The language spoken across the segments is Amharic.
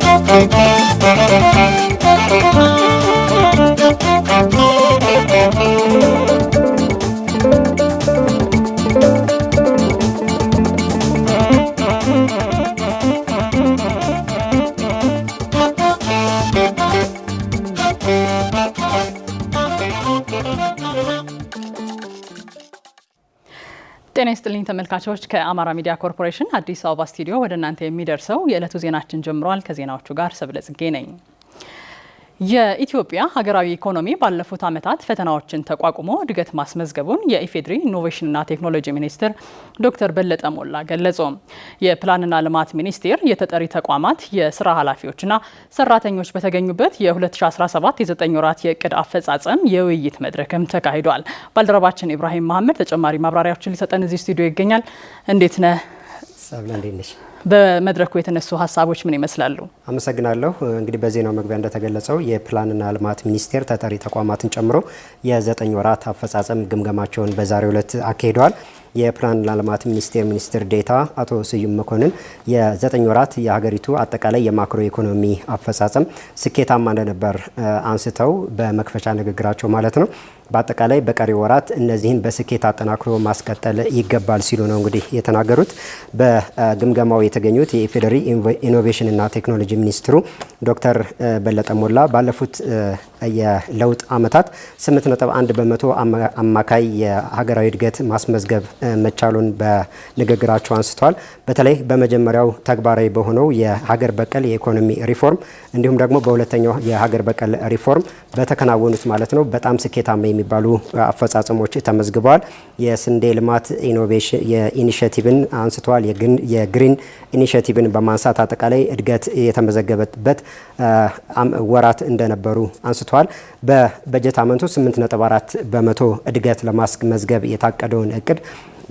Thank you. ተመልካቾች ከአማራ ሚዲያ ኮርፖሬሽን አዲስ አበባ ስቱዲዮ ወደ እናንተ የሚደርሰው የዕለቱ ዜናችን ጀምሯል። ከዜናዎቹ ጋር ሰብለ ጽጌ ነኝ። የኢትዮጵያ ሀገራዊ ኢኮኖሚ ባለፉት ዓመታት ፈተናዎችን ተቋቁሞ እድገት ማስመዝገቡን የኢፌዴሪ ኢኖቬሽንና ቴክኖሎጂ ሚኒስትር ዶክተር በለጠ ሞላ ገለጹ። የፕላንና ልማት ሚኒስቴር የተጠሪ ተቋማት የስራ ኃላፊዎችና ሰራተኞች በተገኙበት የ2017 የዘጠኝ ወራት የእቅድ አፈጻጸም የውይይት መድረክም ተካሂዷል። ባልደረባችን ኢብራሂም መሀመድ ተጨማሪ ማብራሪያዎችን ሊሰጠን እዚህ ስቱዲዮ ይገኛል። እንዴት ነህ ሰብለ እንዴት ነሽ? በመድረኩ የተነሱ ሀሳቦች ምን ይመስላሉ? አመሰግናለሁ። እንግዲህ በዜናው መግቢያ እንደተገለጸው የፕላንና ልማት ሚኒስቴር ተጠሪ ተቋማትን ጨምሮ የዘጠኝ ወራት አፈጻጸም ግምገማቸውን በዛሬው ዕለት አካሂደዋል። የፕላንና ልማት ሚኒስቴር ሚኒስትር ዴታ አቶ ስዩም መኮንን የዘጠኝ ወራት የሀገሪቱ አጠቃላይ የማክሮ ኢኮኖሚ አፈጻጸም ስኬታማ እንደነበር አንስተው በመክፈቻ ንግግራቸው ማለት ነው። በአጠቃላይ በቀሪ ወራት እነዚህን በስኬት አጠናክሮ ማስቀጠል ይገባል ሲሉ ነው እንግዲህ የተናገሩት። በግምገማው የተገኙት የኢፌዴሪ ኢኖቬሽንና ቴክኖሎጂ ሚኒስትሩ ዶክተር በለጠ ሞላ ባለፉት የለውጥ ዓመታት 8.1 በመቶ አማካይ የሀገራዊ እድገት ማስመዝገብ መቻሉን በንግግራቸው አንስተዋል። በተለይ በመጀመሪያው ተግባራዊ በሆነው የሀገር በቀል የኢኮኖሚ ሪፎርም እንዲሁም ደግሞ በሁለተኛው የሀገር በቀል ሪፎርም በተከናወኑት ማለት ነው በጣም ስኬታማ የሚባሉ አፈጻጸሞች ተመዝግበዋል። የስንዴ ልማት ኢኒሽቲቭን አንስተዋል። የግሪን ኢኒሽቲቭን በማንሳት አጠቃላይ እድገት የተመዘገበበት ወራት እንደነበሩ አንስተዋል። በበጀት አመንቱ 8.4 በመቶ እድገት ለማስመዝገብ የታቀደውን እቅድ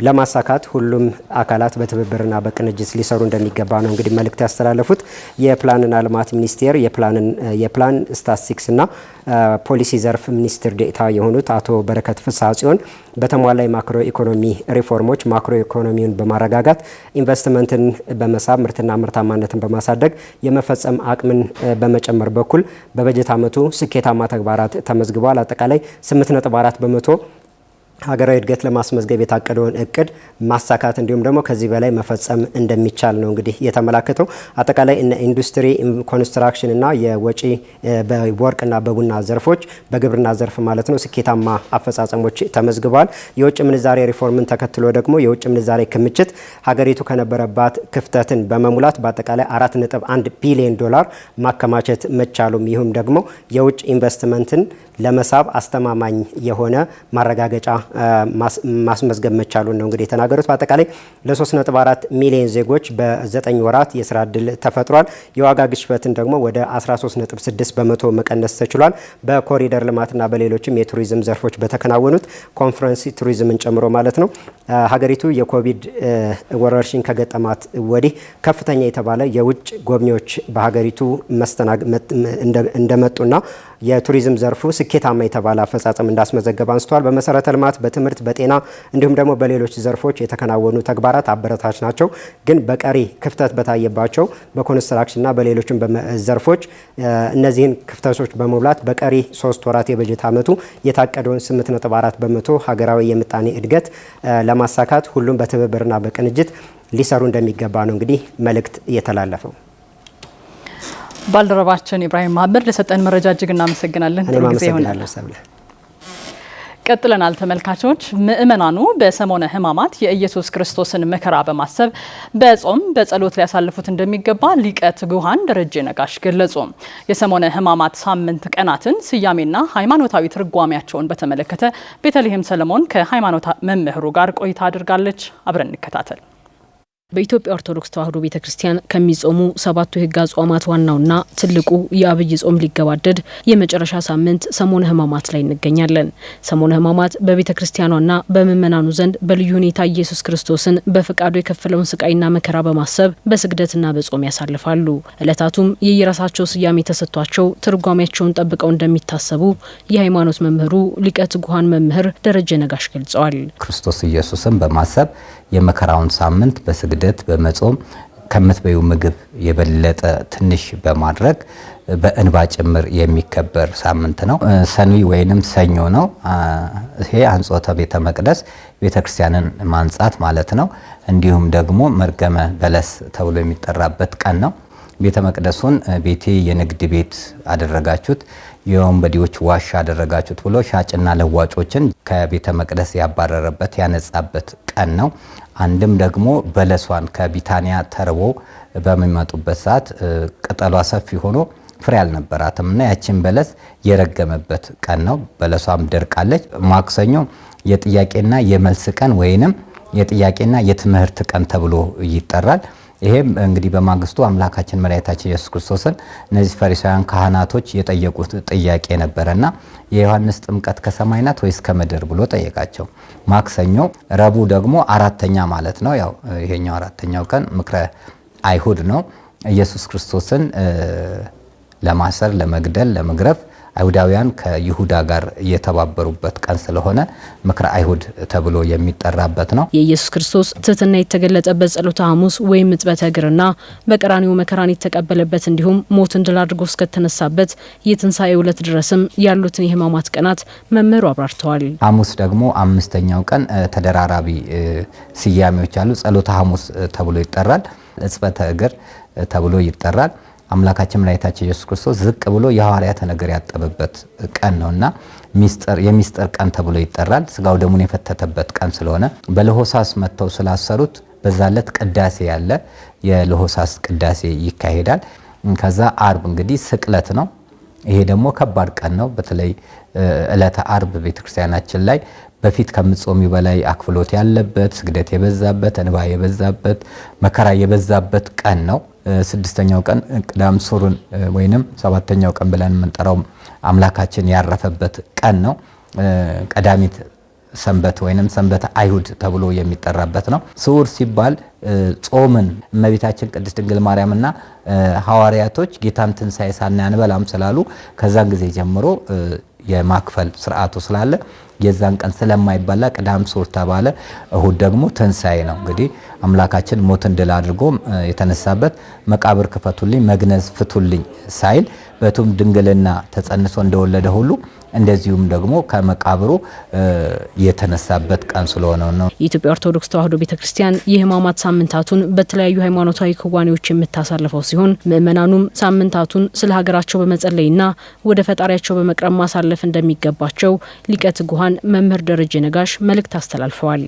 ለማሳካት ሁሉም አካላት በትብብርና በቅንጅት ሊሰሩ እንደሚገባ ነው እንግዲህ መልእክት ያስተላለፉት። የፕላንና ልማት ሚኒስቴር የፕላን ስታትስቲክስና ፖሊሲ ዘርፍ ሚኒስትር ዴኤታ የሆኑት አቶ በረከት ፍስሐ ጽዮን በተሟላ የማክሮ ኢኮኖሚ ሪፎርሞች ማክሮ ኢኮኖሚውን በማረጋጋት ኢንቨስትመንትን በመሳብ ምርትና ምርታማነትን በማሳደግ የመፈጸም አቅምን በመጨመር በኩል በበጀት ዓመቱ ስኬታማ ተግባራት ተመዝግበዋል። አጠቃላይ 8.4 በመቶ ሀገራዊ እድገት ለማስመዝገብ የታቀደውን እቅድ ማሳካት እንዲሁም ደግሞ ከዚህ በላይ መፈጸም እንደሚቻል ነው እንግዲህ የተመላከተው። አጠቃላይ እነ ኢንዱስትሪ፣ ኮንስትራክሽን እና የወጪ በወርቅና በቡና ዘርፎች በግብርና ዘርፍ ማለት ነው ስኬታማ አፈጻጸሞች ተመዝግበዋል። የውጭ ምንዛሬ ሪፎርምን ተከትሎ ደግሞ የውጭ ምንዛሬ ክምችት ሀገሪቱ ከነበረባት ክፍተትን በመሙላት በአጠቃላይ 4.1 ቢሊዮን ዶላር ማከማቸት መቻሉም ይሁም ደግሞ የውጭ ኢንቨስትመንትን ለመሳብ አስተማማኝ የሆነ ማረጋገጫ ማስመዝገብ መቻሉ ነው እንግዲህ የተናገሩት። በአጠቃላይ ለ3.4 ሚሊዮን ዜጎች በዘጠኝ ወራት የስራ እድል ተፈጥሯል። የዋጋ ግሽበትን ደግሞ ወደ 13.6 በመቶ መቀነስ ተችሏል። በኮሪደር ልማትና በሌሎችም የቱሪዝም ዘርፎች በተከናወኑት ኮንፈረንስ ቱሪዝምን ጨምሮ ማለት ነው ሀገሪቱ የኮቪድ ወረርሽኝ ከገጠማት ወዲህ ከፍተኛ የተባለ የውጭ ጎብኚዎች በሀገሪቱ እንደመጡና የቱሪዝም ዘርፉ ስኬታማ የተባለ አፈጻጸም እንዳስመዘገበ አንስተዋል። በመሰረተ ልማት በትምህርት በጤና እንዲሁም ደግሞ በሌሎች ዘርፎች የተከናወኑ ተግባራት አበረታች ናቸው። ግን በቀሪ ክፍተት በታየባቸው በኮንስትራክሽንና በሌሎችም ዘርፎች እነዚህን ክፍተቶች በመሙላት በቀሪ ሶስት ወራት የበጀት ዓመቱ የታቀደውን 8.4 በመቶ ሀገራዊ የምጣኔ እድገት ለማሳካት ሁሉም በትብብርና በቅንጅት ሊሰሩ እንደሚገባ ነው እንግዲህ መልእክት የተላለፈው። ባልደረባችን ኢብራሂም መሀመድ ለሰጠን መረጃ እጅግ እናመሰግናለን። እኔም አመሰግናለሁ ሰብለ። ቀጥለናል ተመልካቾች። ምእመናኑ በሰሞነ ሕማማት የኢየሱስ ክርስቶስን መከራ በማሰብ በጾም በጸሎት ሊያሳልፉት እንደሚገባ ሊቀ ትጉሃን ደረጀ ነጋሽ ገለጹ። የሰሞነ ሕማማት ሳምንት ቀናትን ስያሜና ሃይማኖታዊ ትርጓሜያቸውን በተመለከተ ቤተልሔም ሰለሞን ከሃይማኖት መምህሩ ጋር ቆይታ አድርጋለች። አብረን እንከታተል። በኢትዮጵያ ኦርቶዶክስ ተዋሕዶ ቤተ ክርስቲያን ከሚጾሙ ሰባቱ የሕግ አጽዋማት ዋናውና ትልቁ የአብይ ጾም ሊገባደድ የመጨረሻ ሳምንት ሰሞነ ሕማማት ላይ እንገኛለን። ሰሞነ ሕማማት በቤተ ክርስቲያኗና በምእመናኑ ዘንድ በልዩ ሁኔታ ኢየሱስ ክርስቶስን በፈቃዱ የከፈለውን ስቃይና መከራ በማሰብ በስግደትና በጾም ያሳልፋሉ። ዕለታቱም የየራሳቸው ስያሜ ተሰጥቷቸው ትርጓሜያቸውን ጠብቀው እንደሚታሰቡ የሃይማኖት መምህሩ ሊቀ ትጉሃን መምህር ደረጀ ነጋሽ ገልጸዋል። ክርስቶስ ኢየሱስን በማሰብ የመከራውን ሳምንት በስግደት በመጾም ከምትበዩ ምግብ የበለጠ ትንሽ በማድረግ በእንባ ጭምር የሚከበር ሳምንት ነው። ሰኒ ወይንም ሰኞ ነው። ይሄ አንጾተ ቤተ መቅደስ ቤተ ክርስቲያንን ማንጻት ማለት ነው። እንዲሁም ደግሞ መርገመ በለስ ተብሎ የሚጠራበት ቀን ነው። ቤተ መቅደሱን ቤቴ የንግድ ቤት አደረጋችሁት፣ የወንበዴዎች ዋሻ አደረጋችሁት ብሎ ሻጭና ለዋጮችን ከቤተ መቅደስ ያባረረበት ያነጻበት ቀን ነው። አንድም ደግሞ በለሷን ከቢታንያ ተርቦ በሚመጡበት ሰዓት ቅጠሏ ሰፊ ሆኖ ፍሬ አልነበራትም እና ያችን በለስ የረገመበት ቀን ነው። በለሷም ደርቃለች። ማክሰኞ የጥያቄና የመልስ ቀን ወይንም የጥያቄና የትምህርት ቀን ተብሎ ይጠራል። ይሄም እንግዲህ በማግስቱ አምላካችን መድኃኒታችን ኢየሱስ ክርስቶስን እነዚህ ፈሪሳውያን ካህናቶች የጠየቁት ጥያቄ ነበረና የዮሐንስ ጥምቀት ከሰማይ ናት ወይስ ከምድር ብሎ ጠየቃቸው። ማክሰኞ፣ ረቡዕ ደግሞ አራተኛ ማለት ነው። ያው ይሄኛው አራተኛው ቀን ምክረ አይሁድ ነው። ኢየሱስ ክርስቶስን ለማሰር፣ ለመግደል፣ ለመግረፍ አይሁዳውያን ከይሁዳ ጋር የተባበሩበት ቀን ስለሆነ ምክረ አይሁድ ተብሎ የሚጠራበት ነው። የኢየሱስ ክርስቶስ ትህትና የተገለጠበት ጸሎተ ሐሙስ ወይም ምጽበተ እግርና በቀራኒው መከራን የተቀበለበት እንዲሁም ሞትን ድል አድርጎ እስከተነሳበት የትንሣኤ ዕለት ድረስም ያሉትን የህማማት ቀናት መምህሩ አብራርተዋል። ሐሙስ ደግሞ አምስተኛው ቀን ተደራራቢ ስያሜዎች አሉ። ጸሎተ ሐሙስ ተብሎ ይጠራል። እጽበተ እግር ተብሎ ይጠራል። አምላካችን መድኃኒታችን ኢየሱስ ክርስቶስ ዝቅ ብሎ የሐዋርያትን እግር ያጠበበት ቀን ነውና የሚስጥር ቀን ተብሎ ይጠራል። ስጋው ደሙን የፈተተበት ቀን ስለሆነ በለሆሳስ መጥተው ስላሰሩት በዛ ዕለት ቅዳሴ ያለ የለሆሳስ ቅዳሴ ይካሄዳል። ከዛ አርብ እንግዲህ ስቅለት ነው። ይሄ ደግሞ ከባድ ቀን ነው። በተለይ ዕለተ አርብ ቤተክርስቲያናችን ላይ በፊት ከምጾሚ በላይ አክፍሎት ያለበት፣ ስግደት የበዛበት፣ እንባ የበዛበት፣ መከራ የበዛበት ቀን ነው። ስድስተኛው ቀን ቅዳም ሱርን ወይንም ሰባተኛው ቀን ብለን የምንጠራው አምላካችን ያረፈበት ቀን ነው። ቀዳሚት ሰንበት ወይንም ሰንበት አይሁድ ተብሎ የሚጠራበት ነው። ስዑር ሲባል ጾምን እመቤታችን ቅድስት ድንግል ማርያምና ሐዋርያቶች ጌታን ትንሣኤ ሳናያንበላም ስላሉ ከዛን ጊዜ ጀምሮ የማክፈል ስርዓቱ ስላለ የዛን ቀን ስለማይባላ ቅዳም ሱር ተባለ። እሁድ ደግሞ ትንሣኤ ነው። እንግዲህ አምላካችን ሞትን ድል አድርጎ የተነሳበት መቃብር ክፈቱልኝ፣ መግነዝ ፍቱልኝ ሳይል በቱም ድንግልና ተጸንሶ እንደወለደ ሁሉ እንደዚሁም ደግሞ ከመቃብሩ የተነሳበት ቀን ስለሆነ ነው። የኢትዮጵያ ኦርቶዶክስ ተዋሕዶ ቤተ ክርስቲያን የሕማማት ሳምንታቱን በተለያዩ ሃይማኖታዊ ክዋኔዎች የምታሳልፈው ሲሆን ምእመናኑም ሳምንታቱን ስለ ሀገራቸው በመጸለይና ወደ ፈጣሪያቸው በመቅረብ ማሳለፍ ማሳለፍ እንደሚገባቸው ሊቀ ትጉሃን መምህር ደረጀ ነጋሽ መልእክት አስተላልፈዋል።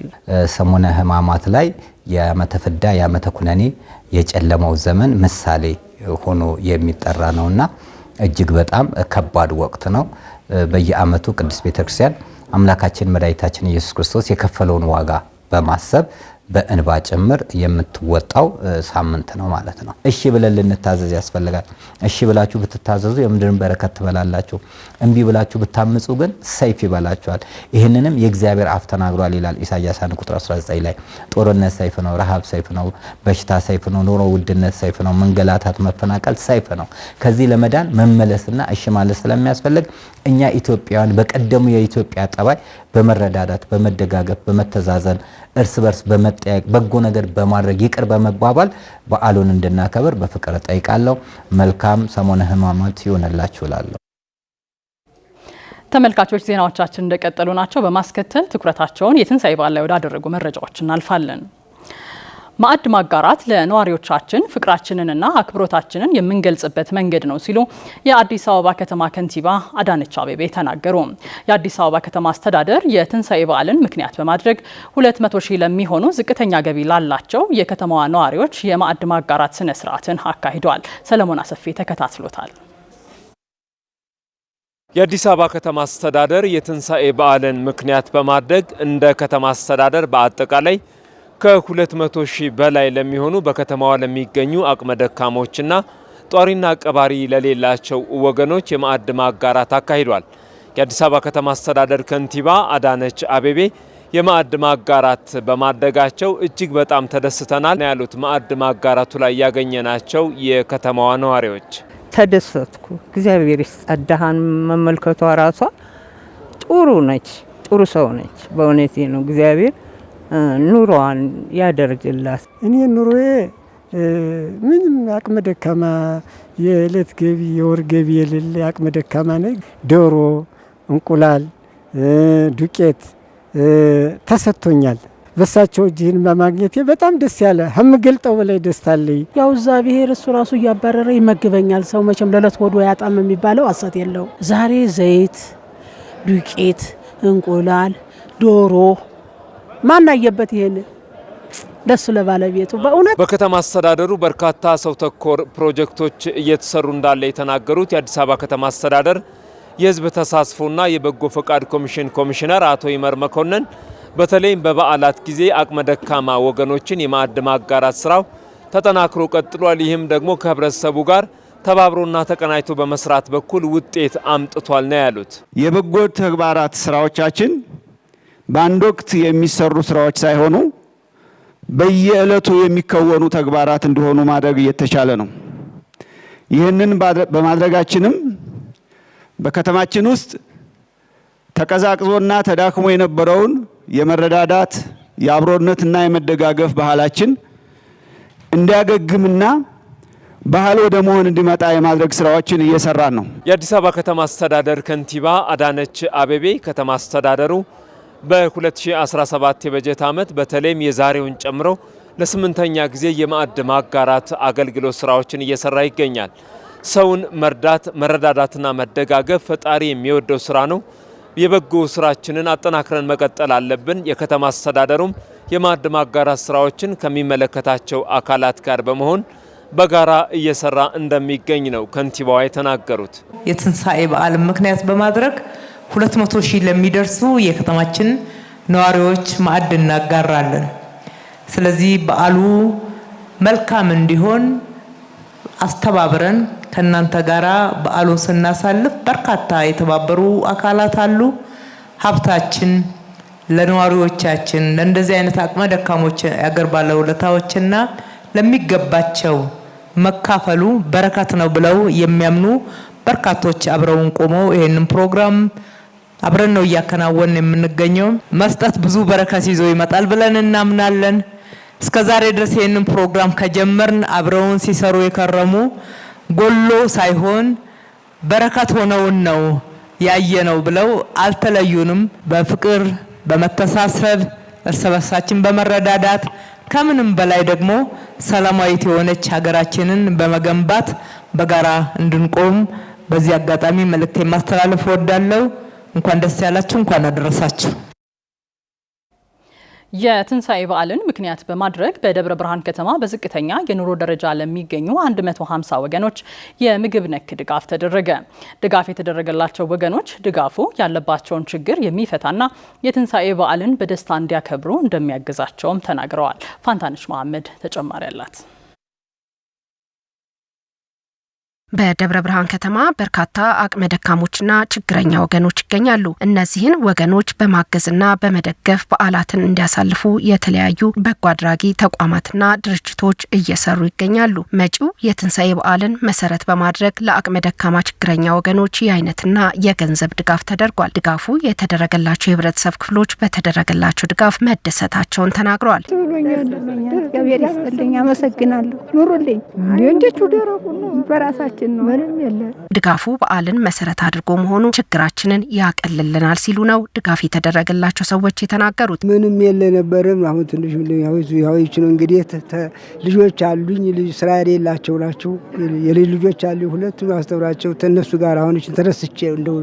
ሰሙነ ሕማማት ላይ የዓመተ ፍዳ የዓመተ ኩነኔ የጨለማው ዘመን ምሳሌ ሆኖ የሚጠራ ነውና እጅግ በጣም ከባድ ወቅት ነው። በየዓመቱ ቅድስት ቤተክርስቲያን አምላካችን መድኃኒታችን ኢየሱስ ክርስቶስ የከፈለውን ዋጋ በማሰብ በእንባ ጭምር የምትወጣው ሳምንት ነው ማለት ነው። እሺ ብለን ልንታዘዝ ያስፈልጋል። እሺ ብላችሁ ብትታዘዙ የምድርን በረከት ትበላላችሁ። እምቢ ብላችሁ ብታምፁ ግን ሰይፍ ይበላችኋል። ይህንንም የእግዚአብሔር አፍ ተናግሯል ይላል ኢሳያስ 1 ቁጥር 19 ላይ። ጦርነት ሰይፍ ነው፣ ረሃብ ሰይፍ ነው፣ በሽታ ሰይፍ ነው፣ ኑሮ ውድነት ሰይፍ ነው፣ መንገላታት፣ መፈናቀል ሰይፍ ነው። ከዚህ ለመዳን መመለስና እሺ ማለት ስለሚያስፈልግ እኛ ኢትዮጵያውያን በቀደሙ የኢትዮጵያ ጠባይ በመረዳዳት በመደጋገፍ በመተዛዘን እርስ በርስ በመ በመጠያየቅ በጎ ነገር በማድረግ ይቅር በመባባል በዓሉን እንድናከብር በፍቅር እጠይቃለሁ። መልካም ሰሞነ ሕማማት ይሆንላችሁ እላለሁ። ተመልካቾች ዜናዎቻችን እንደቀጠሉ ናቸው። በማስከተል ትኩረታቸውን የትንሳኤ በዓል ላይ ወዳደረጉ መረጃዎች እናልፋለን። ማዕድ ማጋራት ለነዋሪዎቻችን ፍቅራችንንና አክብሮታችንን የምንገልጽበት መንገድ ነው ሲሉ የአዲስ አበባ ከተማ ከንቲባ አዳነች አቤቤ ተናገሩ። የአዲስ አበባ ከተማ አስተዳደር የትንሣኤ በዓልን ምክንያት በማድረግ 200 ሺህ ለሚሆኑ ዝቅተኛ ገቢ ላላቸው የከተማዋ ነዋሪዎች የማዕድ ማጋራት ስነ ስርዓትን አካሂደዋል። ሰለሞን አሰፌ ተከታትሎታል። የአዲስ አበባ ከተማ አስተዳደር የትንሣኤ በዓልን ምክንያት በማድረግ እንደ ከተማ አስተዳደር በአጠቃላይ ከ200 ሺህ በላይ ለሚሆኑ በከተማዋ ለሚገኙ አቅመ ደካሞችና ጧሪና ቀባሪ ለሌላቸው ወገኖች የማዕድ ማጋራት አካሂዷል። የአዲስ አበባ ከተማ አስተዳደር ከንቲባ አዳነች አቤቤ የማዕድ ማጋራት በማደጋቸው እጅግ በጣም ተደስተናል ያሉት ማዕድ ማጋራቱ ላይ ያገኘናቸው የከተማዋ ነዋሪዎች ተደሰትኩ። እግዚአብሔር ይስጠዳሃን መመልከቷ ራሷ ጥሩ ነች፣ ጥሩ ሰው ነች። በእውነቴ ነው እግዚአብሔር ኑሯን ያደርግላት። እኔ ኑሮዬ ምንም አቅመ ደካማ የዕለት ገቢ የወር ገቢ የሌለ አቅመ ደካማ ነ ዶሮ፣ እንቁላል፣ ዱቄት ተሰጥቶኛል። በሳቸው እጅህን በማግኘቴ በጣም ደስ ያለ ከምገልጠው በላይ ደስታ አለኝ። ያው እዛ ብሔር እሱ ራሱ እያባረረ ይመግበኛል። ሰው መቼም ለዕለት ወዶ ያጣም የሚባለው አሰት የለው። ዛሬ ዘይት፣ ዱቄት፣ እንቁላል፣ ዶሮ ማናየበት ይሄን ደሱ ለባለቤቱ በእውነት በከተማ አስተዳደሩ በርካታ ሰው ተኮር ፕሮጀክቶች እየተሰሩ እንዳለ የተናገሩት የአዲስ አበባ ከተማ አስተዳደር የህዝብ ተሳትፎና የበጎ ፈቃድ ኮሚሽን ኮሚሽነር አቶ ይመር መኮንን በተለይም በበዓላት ጊዜ አቅመ ደካማ ወገኖችን የማዕድ ማጋራት ስራው ተጠናክሮ ቀጥሏል። ይህም ደግሞ ከህብረተሰቡ ጋር ተባብሮና ተቀናጅቶ በመስራት በኩል ውጤት አምጥቷል ነው ያሉት። የበጎ ተግባራት ስራዎቻችን በአንድ ወቅት የሚሰሩ ስራዎች ሳይሆኑ በየዕለቱ የሚከወኑ ተግባራት እንዲሆኑ ማድረግ እየተቻለ ነው። ይህንን በማድረጋችንም በከተማችን ውስጥ ተቀዛቅዞና ተዳክሞ የነበረውን የመረዳዳት የአብሮነትና የመደጋገፍ ባህላችን እንዲያገግምና ባህል ወደ መሆን እንዲመጣ የማድረግ ስራዎችን እየሰራን ነው። የአዲስ አበባ ከተማ አስተዳደር ከንቲባ አዳነች አቤቤ ከተማ አስተዳደሩ በ2017 የበጀት ዓመት በተለይም የዛሬውን ጨምሮ ለስምንተኛ ጊዜ የማዕድ ማጋራት አገልግሎት ስራዎችን እየሰራ ይገኛል። ሰውን መርዳት መረዳዳትና መደጋገፍ ፈጣሪ የሚወደው ስራ ነው። የበጎ ስራችንን አጠናክረን መቀጠል አለብን። የከተማ አስተዳደሩም የማዕድ ማጋራት ስራዎችን ከሚመለከታቸው አካላት ጋር በመሆን በጋራ እየሰራ እንደሚገኝ ነው ከንቲባዋ የተናገሩት። የትንሣኤ በዓልን ምክንያት በማድረግ ሁለት መቶ ሺህ ለሚደርሱ የከተማችን ነዋሪዎች ማዕድ እናጋራለን። ስለዚህ በዓሉ መልካም እንዲሆን አስተባብረን ከእናንተ ጋራ በዓሉን ስናሳልፍ በርካታ የተባበሩ አካላት አሉ። ሀብታችን ለነዋሪዎቻችን ለእንደዚህ አይነት አቅመ ደካሞች ያገር ባለውለታዎችና ለሚገባቸው መካፈሉ በረከት ነው ብለው የሚያምኑ በርካቶች አብረውን ቆመው ይህንን ፕሮግራም አብረን ነው እያከናወን የምንገኘው። መስጠት ብዙ በረከት ይዞ ይመጣል ብለን እናምናለን። እስከ ዛሬ ድረስ ይህንን ፕሮግራም ከጀመርን አብረውን ሲሰሩ የከረሙ ጎሎ ሳይሆን በረከት ሆነውን ነው ያየ ነው ብለው አልተለዩንም። በፍቅር በመተሳሰብ እርስ በርሳችን በመረዳዳት ከምንም በላይ ደግሞ ሰላማዊት የሆነች ሀገራችንን በመገንባት በጋራ እንድንቆም በዚህ አጋጣሚ መልእክቴ ማስተላለፍ እወዳለሁ። እንኳን ደስ ያላችሁ፣ እንኳን አደረሳችሁ። የትንሣኤ በዓልን ምክንያት በማድረግ በደብረ ብርሃን ከተማ በዝቅተኛ የኑሮ ደረጃ ለሚገኙ 150 ወገኖች የምግብ ነክ ድጋፍ ተደረገ። ድጋፍ የተደረገላቸው ወገኖች ድጋፉ ያለባቸውን ችግር የሚፈታና የትንሣኤ በዓልን በደስታ እንዲያከብሩ እንደሚያግዛቸውም ተናግረዋል። ፋንታንሽ መሐመድ ተጨማሪ አላት። በደብረ ብርሃን ከተማ በርካታ አቅመ ደካሞችና ችግረኛ ወገኖች ይገኛሉ። እነዚህን ወገኖች በማገዝና በመደገፍ በዓላትን እንዲያሳልፉ የተለያዩ በጎ አድራጊ ተቋማትና ድርጅቶች እየሰሩ ይገኛሉ። መጪው የትንሣኤ በዓልን መሰረት በማድረግ ለአቅመ ደካማ ችግረኛ ወገኖች የአይነትና የገንዘብ ድጋፍ ተደርጓል። ድጋፉ የተደረገላቸው የህብረተሰብ ክፍሎች በተደረገላቸው ድጋፍ መደሰታቸውን ተናግረዋል። አመሰግናለሁ። ኑሩልኝ። እንዴት ቤታችን ነው። ምንም የለን። ድጋፉ በዓልን መሰረት አድርጎ መሆኑ ችግራችንን ያቀልልናል ሲሉ ነው ድጋፍ የተደረገላቸው ሰዎች የተናገሩት። ምንም የለ ነበርም። አሁን ትንሽ ያዎች ነው እንግዲህ ልጆች አሉኝ። ስራ የሌላቸው ናቸው። የልጅ ልጆች አሉ ሁለቱ ማስተምራቸው ተነሱ ጋር አሁን ችን ተረስቼ እንደው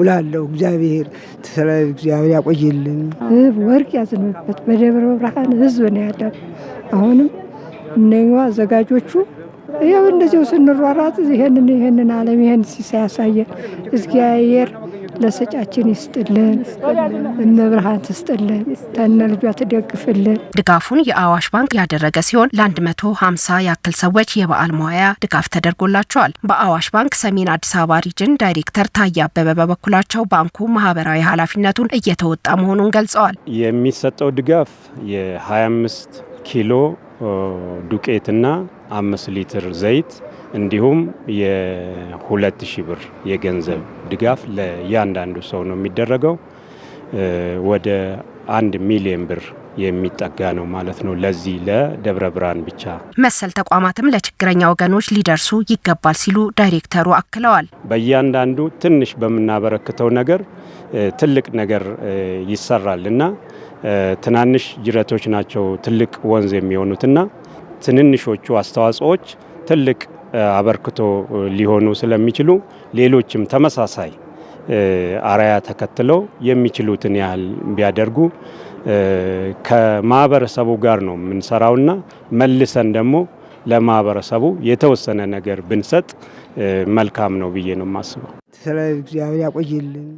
ውላለሁ። እግዚአብሔር እግዚአብሔር ያቆይልን። ወርቅ ያዝንበት በደብረ ብርሃን ህዝብ ነው ያለ አሁንም እነኛ አዘጋጆቹ ይኸው እንደዚሁ ስንሯሯጥ ይሄንን ይሄንን ዓለም ይሄን ሲያሳየን እግዚአብሔር ለሰጫችን ይስጥልን፣ እመብርሃን ትስጥልን፣ ተነ ልጇ ትደግፍልን። ድጋፉን የአዋሽ ባንክ ያደረገ ሲሆን ለ150 ያክል ሰዎች የበዓል መዋያ ድጋፍ ተደርጎላቸዋል። በአዋሽ ባንክ ሰሜን አዲስ አበባ ሪጅን ዳይሬክተር ታዬ አበበ በበኩላቸው ባንኩ ማህበራዊ ኃላፊነቱን እየተወጣ መሆኑን ገልጸዋል። የሚሰጠው ድጋፍ የ25 ኪሎ ዱቄትና አምስት ሊትር ዘይት እንዲሁም የሁለት ሺህ ብር የገንዘብ ድጋፍ ለእያንዳንዱ ሰው ነው የሚደረገው። ወደ አንድ ሚሊዮን ብር የሚጠጋ ነው ማለት ነው። ለዚህ ለደብረ ብርሃን ብቻ መሰል ተቋማትም ለችግረኛ ወገኖች ሊደርሱ ይገባል ሲሉ ዳይሬክተሩ አክለዋል። በእያንዳንዱ ትንሽ በምናበረክተው ነገር ትልቅ ነገር ይሰራል እና ትናንሽ ጅረቶች ናቸው ትልቅ ወንዝ የሚሆኑትና ትንንሾቹ አስተዋጽኦዎች ትልቅ አበርክቶ ሊሆኑ ስለሚችሉ ሌሎችም ተመሳሳይ አራያ ተከትለው የሚችሉትን ያህል ቢያደርጉ ከማህበረሰቡ ጋር ነው የምንሰራውና መልሰን ደግሞ ለማህበረሰቡ የተወሰነ ነገር ብንሰጥ መልካም ነው ብዬ ነው የማስበው። ስለ እግዚአብሔር ያቆይልን።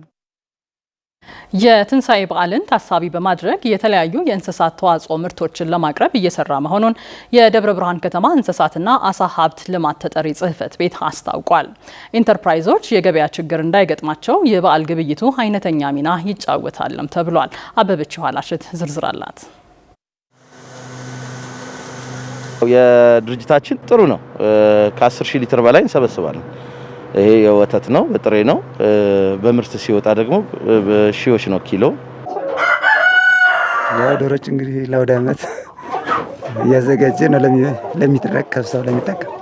የትንሣኤ በዓልን ታሳቢ በማድረግ የተለያዩ የእንስሳት ተዋጽኦ ምርቶችን ለማቅረብ እየሰራ መሆኑን የደብረ ብርሃን ከተማ እንስሳትና አሳ ሀብት ልማት ተጠሪ ጽህፈት ቤት አስታውቋል። ኢንተርፕራይዞች የገበያ ችግር እንዳይገጥማቸው የበዓል ግብይቱ አይነተኛ ሚና ይጫወታልም ተብሏል። አበበች ኋላሽት ዝርዝር አላት። የድርጅታችን ጥሩ ነው። ከ10 ሺህ ሊትር በላይ እንሰበስባለን። ይሄ የወተት ነው፣ በጥሬ ነው። በምርት ሲወጣ ደግሞ ሺዎች ነው ኪሎ። ያው ዶሮች እንግዲህ ለአውደ ዓመት እያዘጋጀ ነው ለሚረከብ ሰው ለሚጠቀም።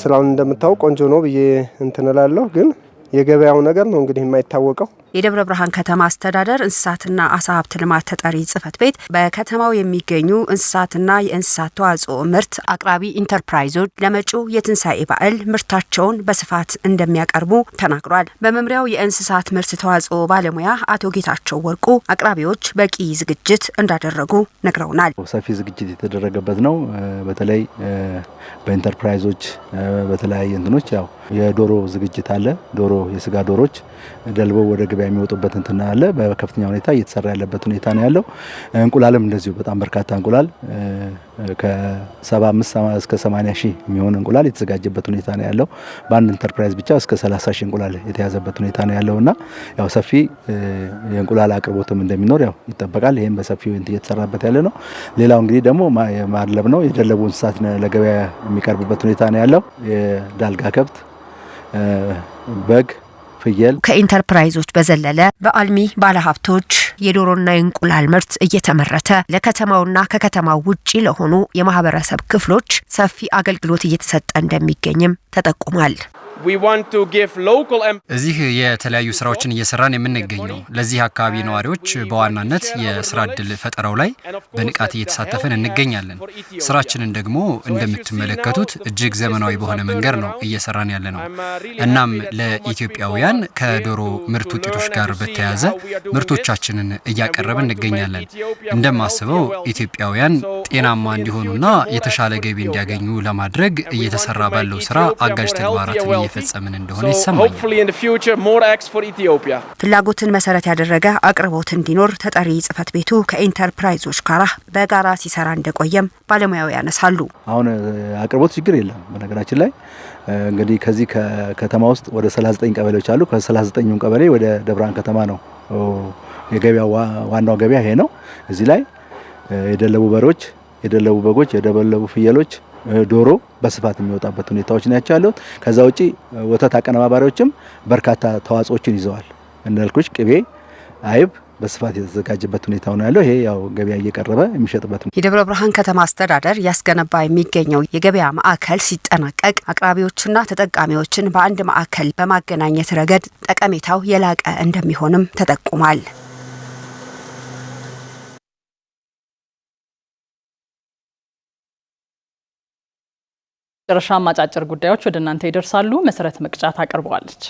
ስራውን እንደምታውቅ ቆንጆ ነው ብዬ እንትን ግን የገበያው ነገር ነው እንግዲህ የማይታወቀው የደብረ ብርሃን ከተማ አስተዳደር እንስሳትና አሳ ሀብት ልማት ተጠሪ ጽህፈት ቤት በከተማው የሚገኙ እንስሳትና የእንስሳት ተዋጽኦ ምርት አቅራቢ ኢንተርፕራይዞች ለመጪው የትንሣኤ በዓል ምርታቸውን በስፋት እንደሚያቀርቡ ተናግሯል። በመምሪያው የእንስሳት ምርት ተዋጽኦ ባለሙያ አቶ ጌታቸው ወርቁ አቅራቢዎች በቂ ዝግጅት እንዳደረጉ ነግረውናል። ሰፊ ዝግጅት የተደረገበት ነው። በተለይ በኢንተርፕራይዞች በተለያየ እንትኖች ያው የዶሮ ዝግጅት አለ። ዶሮ የስጋ ዶሮች ደልበው ወደ ገበያ ገበያ የሚወጡበት እንትና ያለ በከፍተኛ ሁኔታ እየተሰራ ያለበት ሁኔታ ነው ያለው። እንቁላልም እንደዚሁ በጣም በርካታ እንቁላል ከ75 እስከ 80 ሺህ የሚሆን እንቁላል የተዘጋጀበት ሁኔታ ነው ያለው። በአንድ ኢንተርፕራይዝ ብቻ እስከ 30 ሺህ እንቁላል የተያዘበት ሁኔታ ነው ያለው እና ያው ሰፊ የእንቁላል አቅርቦትም እንደሚኖር ያው ይጠበቃል። ይህም በሰፊው እየተሰራበት ያለ ነው። ሌላው እንግዲህ ደግሞ ማድለብ ነው። የደለቡ እንስሳት ለገበያ የሚቀርብበት ሁኔታ ነው ያለው። የዳልጋ ከብት፣ በግ ፍየል ከኢንተርፕራይዞች በዘለለ በአልሚ ባለሀብቶች የዶሮና የእንቁላል ምርት እየተመረተ ለከተማውና ከከተማው ውጪ ለሆኑ የማህበረሰብ ክፍሎች ሰፊ አገልግሎት እየተሰጠ እንደሚገኝም ተጠቁሟል። እዚህ የተለያዩ ስራዎችን እየሰራን የምንገኘው ለዚህ አካባቢ ነዋሪዎች በዋናነት የስራ እድል ፈጠራው ላይ በንቃት እየተሳተፈን እንገኛለን። ስራችንን ደግሞ እንደምትመለከቱት እጅግ ዘመናዊ በሆነ መንገድ ነው እየሰራን ያለ ነው። uh, እናም ለኢትዮጵያውያን ከዶሮ ምርት ውጤቶች ጋር በተያያዘ ምርቶቻችንን እያቀረብን እንገኛለን። እንደማስበው ኢትዮጵያውያን ጤናማ እንዲሆኑና የተሻለ ገቢ እንዲያገኙ ለማድረግ እየተሰራ ባለው ስራ አጋዥ ተግባራትን እየፈጸምን እንደሆነ ይሰማኛል። ፍላጎትን መሰረት ያደረገ አቅርቦት እንዲኖር ተጠሪ ጽህፈት ቤቱ ከኢንተርፕራይዞች ጋራ በጋራ ሲሰራ እንደቆየም ባለሙያው ያነሳሉ። አሁን አቅርቦት ችግር የለም። በነገራችን ላይ እንግዲህ ከዚህ ከከተማ ውስጥ ወደ 39 ቀበሌዎች አሉ። ከ39ኙም ቀበሌ ወደ ደብረን ከተማ ነው የገበያ ዋናው ገበያ ይሄ ነው። እዚህ ላይ የደለቡ በሬዎች፣ የደለቡ በጎች፣ የደለቡ ፍየሎች ዶሮ በስፋት የሚወጣበት ሁኔታዎች ናቸው ያለሁት። ከዛ ውጪ ወተት አቀነባባሪዎችም በርካታ ተዋጽኦችን ይዘዋል። እንዳልኩሽ ቅቤ፣ አይብ በስፋት የተዘጋጀበት ሁኔታ ነው ያለው። ይሄ ያው ገበያ እየቀረበ የሚሸጥበት ነው። የደብረ ብርሃን ከተማ አስተዳደር ያስገነባ የሚገኘው የገበያ ማዕከል ሲጠናቀቅ አቅራቢዎችና ተጠቃሚዎችን በአንድ ማዕከል በማገናኘት ረገድ ጠቀሜታው የላቀ እንደሚሆንም ተጠቁሟል። መጨረሻ አጫጭር ጉዳዮች ወደ እናንተ ይደርሳሉ። መሰረት መቅጫ ታቀርበዋለች።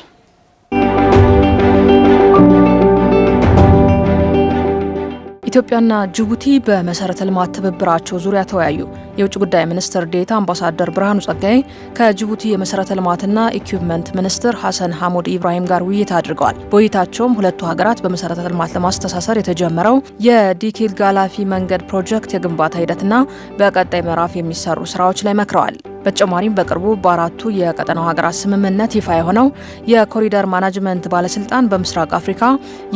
ኢትዮጵያና ጅቡቲ በመሰረተ ልማት ትብብራቸው ዙሪያ ተወያዩ። የውጭ ጉዳይ ሚኒስትር ዴታ አምባሳደር ብርሃኑ ጸጋይ ከጅቡቲ የመሰረተ ልማትና ኢኩፕመንት ሚኒስትር ሐሰን ሐሙድ ኢብራሂም ጋር ውይይት አድርገዋል። በውይይታቸውም ሁለቱ ሀገራት በመሰረተ ልማት ለማስተሳሰር የተጀመረው የዲኪል ጋላፊ መንገድ ፕሮጀክት የግንባታ ሂደትና በቀጣይ ምዕራፍ የሚሰሩ ስራዎች ላይ መክረዋል። በተጨማሪም በቅርቡ በአራቱ የቀጠናው ሀገራት ስምምነት ይፋ የሆነው የኮሪደር ማናጅመንት ባለስልጣን በምስራቅ አፍሪካ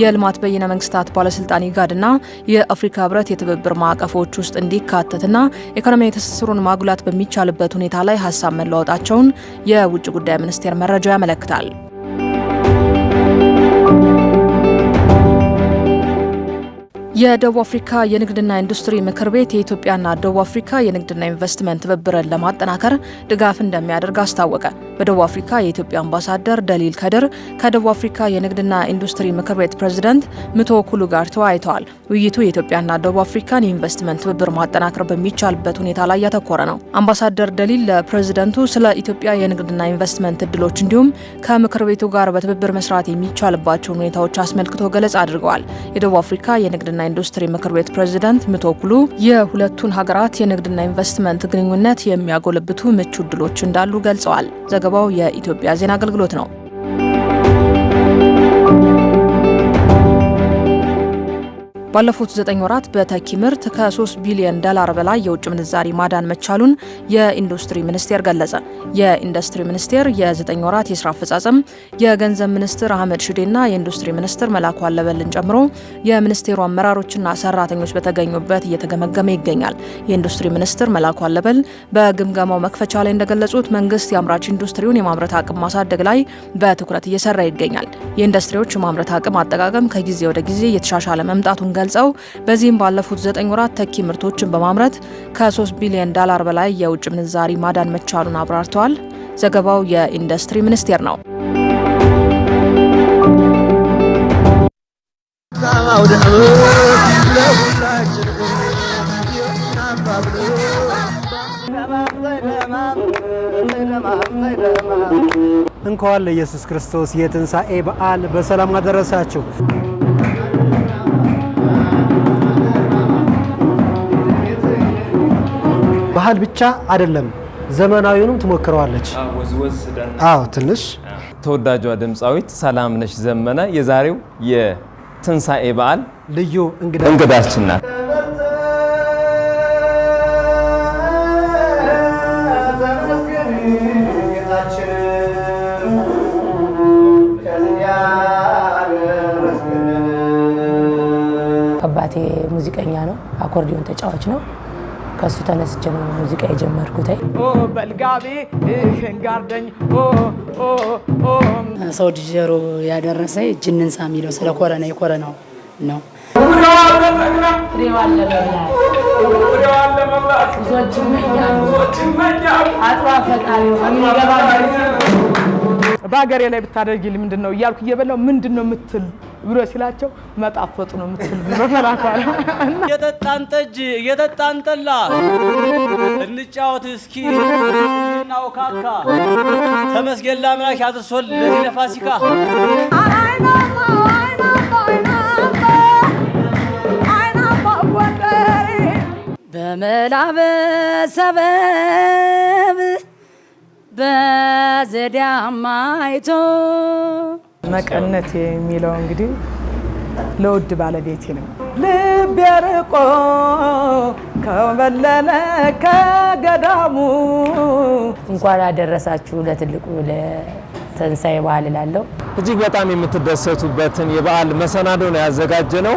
የልማት በይነ መንግስታት ባለስልጣን ኢጋድና የአፍሪካ ህብረት የትብብር ማዕቀፎች ውስጥ እንዲካተትና ኢኮኖሚያዊ ትስስሩን ማጉላት በሚቻልበት ሁኔታ ላይ ሀሳብ መለዋወጣቸውን የውጭ ጉዳይ ሚኒስቴር መረጃው ያመለክታል። የደቡብ አፍሪካ የንግድና ኢንዱስትሪ ምክር ቤት የኢትዮጵያና ደቡብ አፍሪካ የንግድና ኢንቨስትመንት ትብብርን ለማጠናከር ድጋፍ እንደሚያደርግ አስታወቀ። በደቡብ አፍሪካ የኢትዮጵያ አምባሳደር ደሊል ከድር ከደቡብ አፍሪካ የንግድና ኢንዱስትሪ ምክር ቤት ፕሬዝደንት ምቶ ኩሉ ጋር ተወያይተዋል። ውይይቱ የኢትዮጵያና ደቡብ አፍሪካን የኢንቨስትመንት ትብብር ማጠናከር በሚቻልበት ሁኔታ ላይ ያተኮረ ነው። አምባሳደር ደሊል ለፕሬዝደንቱ ስለ ኢትዮጵያ የንግድና ኢንቨስትመንት እድሎች እንዲሁም ከምክር ቤቱ ጋር በትብብር መስራት የሚቻልባቸውን ሁኔታዎች አስመልክቶ ገለጻ አድርገዋል። የደቡብ አፍሪካ የንግድና ንግድና ኢንዱስትሪ ምክር ቤት ፕሬዚዳንት ምቶኩሉ የሁለቱን ሀገራት የንግድና ኢንቨስትመንት ግንኙነት የሚያጎለብቱ ምቹ እድሎች እንዳሉ ገልጸዋል። ዘገባው የኢትዮጵያ ዜና አገልግሎት ነው። ባለፉት ዘጠኝ ወራት በተኪ ምርት ከ3 ቢሊዮን ዶላር በላይ የውጭ ምንዛሪ ማዳን መቻሉን የኢንዱስትሪ ሚኒስቴር ገለጸ። የኢንዱስትሪ ሚኒስቴር የዘጠኝ ወራት የስራ አፈጻጸም የገንዘብ ሚኒስትር አህመድ ሽዴና የኢንዱስትሪ ሚኒስትር መላኩ አለበልን ጨምሮ የሚኒስቴሩ አመራሮችና ሰራተኞች በተገኙበት እየተገመገመ ይገኛል። የኢንዱስትሪ ሚኒስትር መላኩ አለበል በግምገማው መክፈቻ ላይ እንደገለጹት መንግስት የአምራች ኢንዱስትሪውን የማምረት አቅም ማሳደግ ላይ በትኩረት እየሰራ ይገኛል። የኢንዱስትሪዎች የማምረት አቅም አጠቃቀም ከጊዜ ወደ ጊዜ እየተሻሻለ መምጣቱን ገልጸው በዚህም ባለፉት ዘጠኝ ወራት ተኪ ምርቶችን በማምረት ከ3 ቢሊዮን ዳላር በላይ የውጭ ምንዛሪ ማዳን መቻሉን አብራርተዋል። ዘገባው የኢንዱስትሪ ሚኒስቴር ነው። እንኳን ለኢየሱስ ክርስቶስ የትንሣኤ በዓል በሰላም አደረሳችሁ። ባህል ብቻ አይደለም፣ ዘመናዊውንም ትሞክረዋለች። አዎ ትንሽ ተወዳጇ ድምፃዊት ሰላምነሽ ዘመነ የዛሬው የትንሣኤ በዓል ልዩ እንግዳችን ናት። አባቴ ሙዚቀኛ ነው፣ አኮርዲዮን ተጫዋች ነው። ከእሱ ተነስቼ ነው ሙዚቃ የጀመርኩት። በልጋቤ ሸንጋርደኝ ሰው ዲጀሮ ያደረሰ እጅንን ሳሚ የሚለው ስለ ኮረና የኮረናው ነው በሀገሬ ላይ ብታደርጊ ምንድን ነው እያልኩ እየበላው ምንድን ነው የምትል ብሎ ሲላቸው መጣፈጡ ነው የምትል ብሎ ተላኳል። የጠጣን ጠጅ የጠጣን ጠላ እንጫወት እስኪ ናውካካ ተመስገን ለአምላክ ያድርሶል ለፋሲካ በመላ በሰበብ በዘዴ አማይቶ መቀነት የሚለው እንግዲህ ለውድ ባለቤቴ ነው። ልብ ያርቆ ከበለለ ከገዳሙ እንኳን አደረሳችሁ ለትልቁ ለትንሳኤ በዓል እላለሁ። እጅግ በጣም የምትደሰቱበትን የበዓል መሰናዶ ነው ያዘጋጀ ነው።